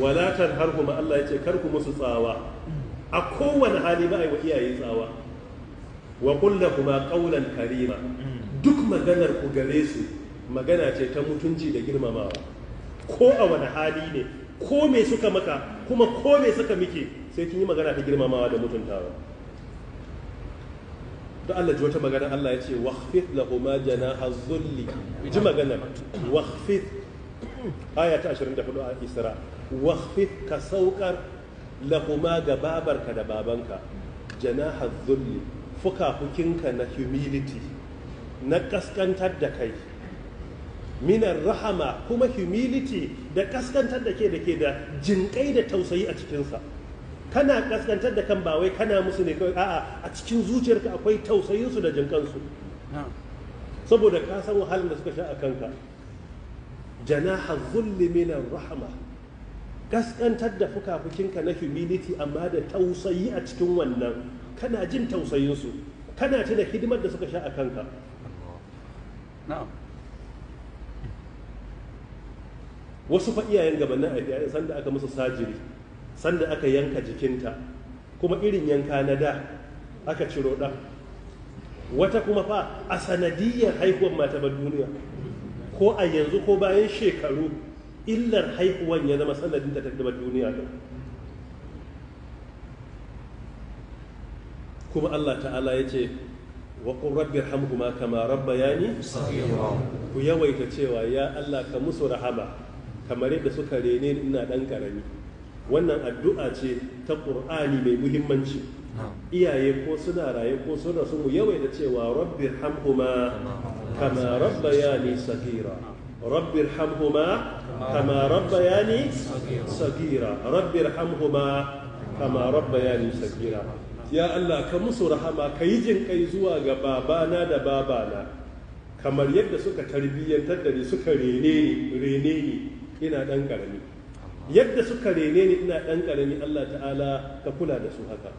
wala kuma Allah yace kar ku musu tsawa a kowane hali ba ai wa iyaye tsawa wa qul kuma qawlan karima duk maganar ku gare su magana ce ta mutunci da girmamawa ko a wani hali ne ko me suka maka kuma ko me suka muke sai kin yi magana ta girmamawa da mutuntawa da Allah ji wata magana Allah ya ce waqfid jana janaha zulli ji magana waqfid aya ta 24 a isra wakhfif ka saukar lahuma ga babarka da babanka janaha zulli fukafukinka na humility na kaskantar da kai minar rahama kuma humility da kaskantar da ke da ke da jinkai da tausayi a cikinsa kana kaskantar da kan bawai kana musu ne kawai a'a a cikin zuciyarka akwai tausayinsu da jinkansu saboda ka san wahalar da suka sha a kanka janaha zulli min rahama kaskantar da fukafukinka na humility amma da tausayi a cikin wannan kana jin tausayinsu kana tuna hidimar da suka sha a kanka wasu fa iyayen gabanin a sanda aka musu sajiri sanda aka yanka jikinta kuma irin yanka na da aka ciro ɗan wata kuma fa a sanadiyyar haihuwar mata duniya ko a yanzu ko bayan shekaru illar haihuwan ya zama sanadin da ta duniya da kuma Allah ta'ala ya ce wa rabbi hamhuma kama rabba yani ku yawaita cewa ya Allah ka musu rahama kamar yadda suka rene ina dan karami wannan addu'a ce ta ƙur'ani mai muhimmanci iyaye ko suna raye ko suna su mu yawaita cewa rabbi hamhuma كما ربياني صغيرا ya Allah ka musu rahama ka yi jin kai zuwa ga babana da babana kamar yadda suka tarbiyyantar da ni suka rene ni ina dan karami yadda suka rene ni ina dan karami Allah ta'ala ka kula da su haka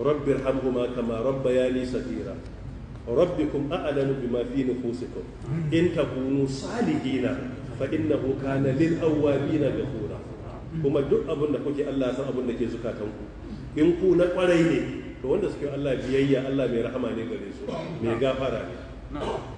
rabbir hamhuma kama robbi kum rabbikum a'lamu bima fi nufusikum in takunu salihina fa innahu kana lil da kura kuma duk abunda kuke Allah san abunda ke zukatanku in ku na kwarai ne to wanda suke Allah biyayya Allah mai rahama ne gare su mai gafara ne